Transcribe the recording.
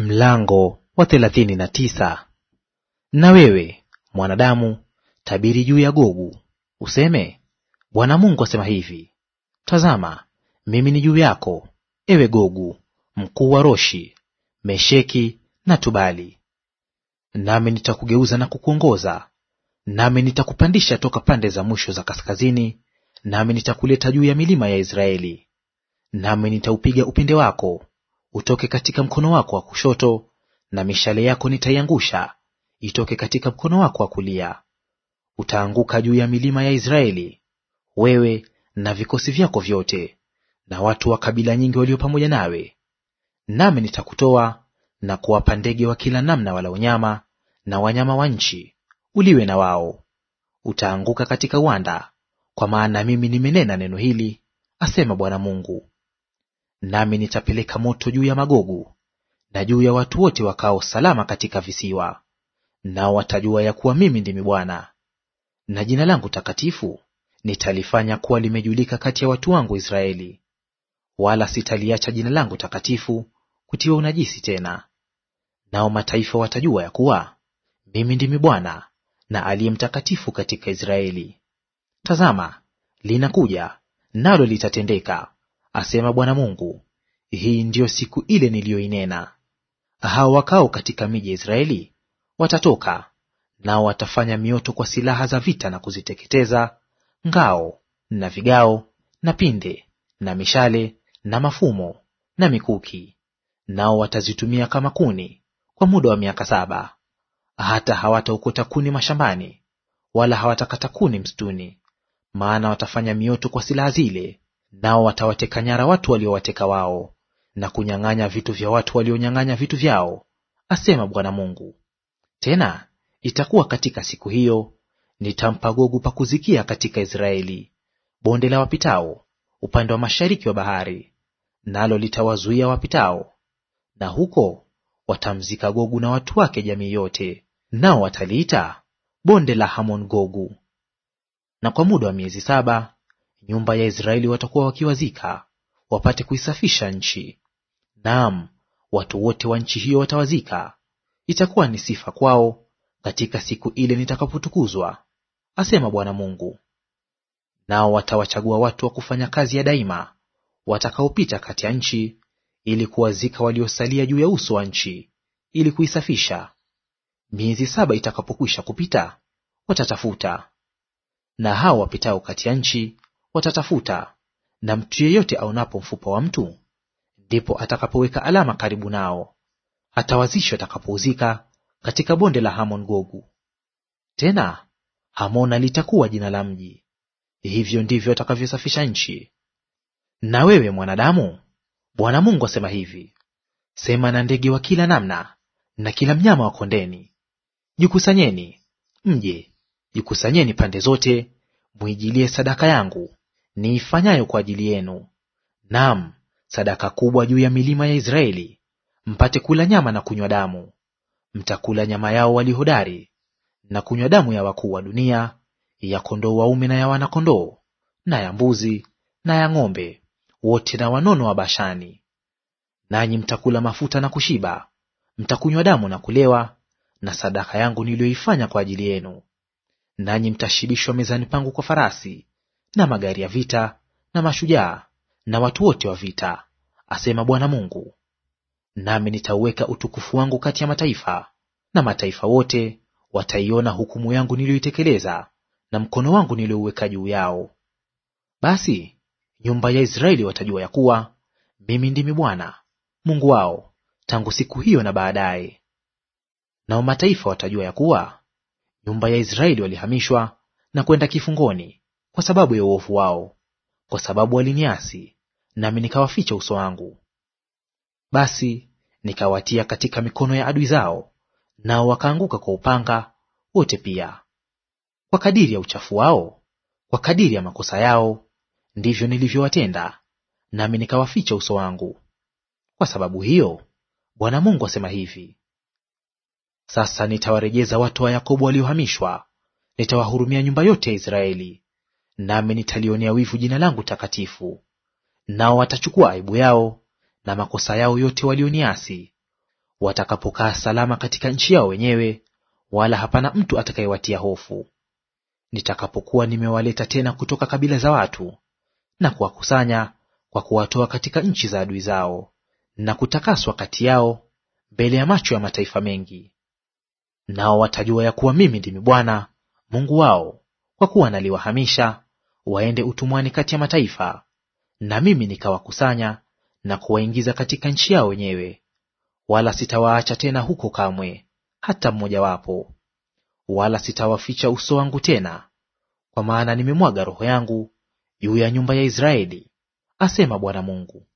Mlango wa thelathini na tisa. Na wewe mwanadamu, tabiri juu ya Gogu useme, Bwana Mungu asema hivi: Tazama, mimi ni juu yako, ewe Gogu, mkuu wa Roshi, Mesheki na Tubali, nami nitakugeuza na kukuongoza, nami nitakupandisha toka pande za mwisho za kaskazini, nami nitakuleta juu ya milima ya Israeli, nami nitaupiga upinde wako utoke katika mkono wako wa kushoto, na mishale yako nitaiangusha itoke katika mkono wako wa kulia. Utaanguka juu ya milima ya Israeli, wewe na vikosi vyako vyote, na watu wa kabila nyingi walio pamoja nawe. Nami nitakutoa na kuwapa ndege wa kila namna wala unyama na wanyama wa nchi, uliwe na wao. Utaanguka katika uwanda, kwa maana mimi nimenena neno hili, asema Bwana Mungu. Nami nitapeleka moto juu ya Magogu na juu ya watu wote wakao salama katika visiwa, nao watajua ya kuwa mimi ndimi Bwana. Na jina langu takatifu nitalifanya kuwa limejulika kati ya watu wangu Israeli, wala sitaliacha jina langu takatifu kutiwa unajisi tena. Nao mataifa watajua ya kuwa mimi ndimi Bwana na aliye mtakatifu katika Israeli. Tazama, linakuja nalo litatendeka, asema Bwana Mungu, hii ndiyo siku ile niliyoinena. Hao wakao katika miji ya Israeli watatoka nao watafanya mioto kwa silaha za vita na kuziteketeza, ngao na vigao na pinde na mishale na mafumo na mikuki, nao watazitumia kama kuni kwa muda wa miaka saba. Hata hawataokota kuni mashambani, wala hawatakata kuni msituni, maana watafanya mioto kwa silaha zile nao watawateka nyara watu waliowateka wao na kunyang'anya vitu vya watu walionyang'anya vitu vyao, asema Bwana Mungu. Tena itakuwa katika siku hiyo, nitampa Gogu pa kuzikia katika Israeli, bonde la wapitao upande wa mashariki wa bahari, nalo litawazuia wapitao, na huko watamzika Gogu na watu wake jamii yote, nao wataliita bonde la Hamon Gogu. Na kwa muda wa miezi saba nyumba ya Israeli watakuwa wakiwazika, wapate kuisafisha nchi. Naam, watu wote wa nchi hiyo watawazika; itakuwa ni sifa kwao katika siku ile nitakapotukuzwa, asema Bwana Mungu. Nao watawachagua watu wa kufanya kazi ya daima watakaopita kati ya nchi, ili kuwazika waliosalia juu ya uso wa nchi, ili kuisafisha. Miezi saba itakapokwisha kupita watatafuta. Na hao wapitao kati ya nchi watatafuta, na mtu yeyote aonapo mfupa wa mtu ndipo atakapoweka alama karibu nao. Atawazishwa atakapouzika katika bonde la Hamon Gogu. Tena Hamona litakuwa jina la mji. Hivyo ndivyo atakavyosafisha nchi. Na wewe mwanadamu, Bwana Mungu asema hivi: sema na ndege wa kila namna na kila mnyama wa kondeni, jikusanyeni mje, jikusanyeni pande zote, mwijilie sadaka yangu niifanyayo kwa ajili yenu, naam, sadaka kubwa juu ya milima ya Israeli, mpate kula nyama na kunywa damu. Mtakula nyama yao walihodari na kunywa damu ya wakuu wa dunia, ya kondoo waume na ya wanakondoo na ya mbuzi na ya ng'ombe wote na wanono wa Bashani. Nanyi mtakula mafuta na kushiba, mtakunywa damu na kulewa, na sadaka yangu niliyoifanya kwa ajili yenu. Nanyi mtashibishwa mezani pangu kwa farasi na magari ya vita na mashujaa na watu wote wa vita, asema Bwana Mungu. Nami nitauweka utukufu wangu kati ya mataifa, na mataifa wote wataiona hukumu yangu niliyoitekeleza, na mkono wangu niliouweka juu yao. Basi nyumba ya Israeli watajua ya kuwa mimi ndimi Bwana Mungu wao tangu siku hiyo na baadaye. Nao mataifa watajua ya kuwa nyumba ya Israeli walihamishwa na kwenda kifungoni kwa sababu ya uovu wao, kwa sababu waliniasi, nami nikawaficha uso wangu. Basi nikawatia katika mikono ya adui zao, nao wakaanguka kwa upanga wote pia. Kwa kadiri ya uchafu wao, kwa kadiri ya makosa yao, ndivyo nilivyowatenda, nami nikawaficha uso wangu. Kwa sababu hiyo Bwana Mungu asema hivi: Sasa nitawarejeza watu wa Yakobo waliohamishwa, nitawahurumia nyumba yote ya Israeli nami nitalionea wivu jina langu takatifu. Nao watachukua aibu yao na makosa yao yote walioniasi, watakapokaa salama katika nchi yao wenyewe, wala hapana mtu atakayewatia hofu. Nitakapokuwa nimewaleta tena kutoka kabila za watu na kuwakusanya kwa kuwatoa katika nchi za adui zao, na kutakaswa kati yao mbele ya macho ya mataifa mengi. Nao watajua ya kuwa mimi ndimi Bwana Mungu wao kwa kuwa naliwahamisha waende utumwani kati ya mataifa, na mimi nikawakusanya na kuwaingiza katika nchi yao wenyewe, wala sitawaacha tena huko kamwe, hata mmojawapo; wala sitawaficha uso wangu tena, kwa maana nimemwaga Roho yangu juu ya nyumba ya Israeli, asema Bwana Mungu.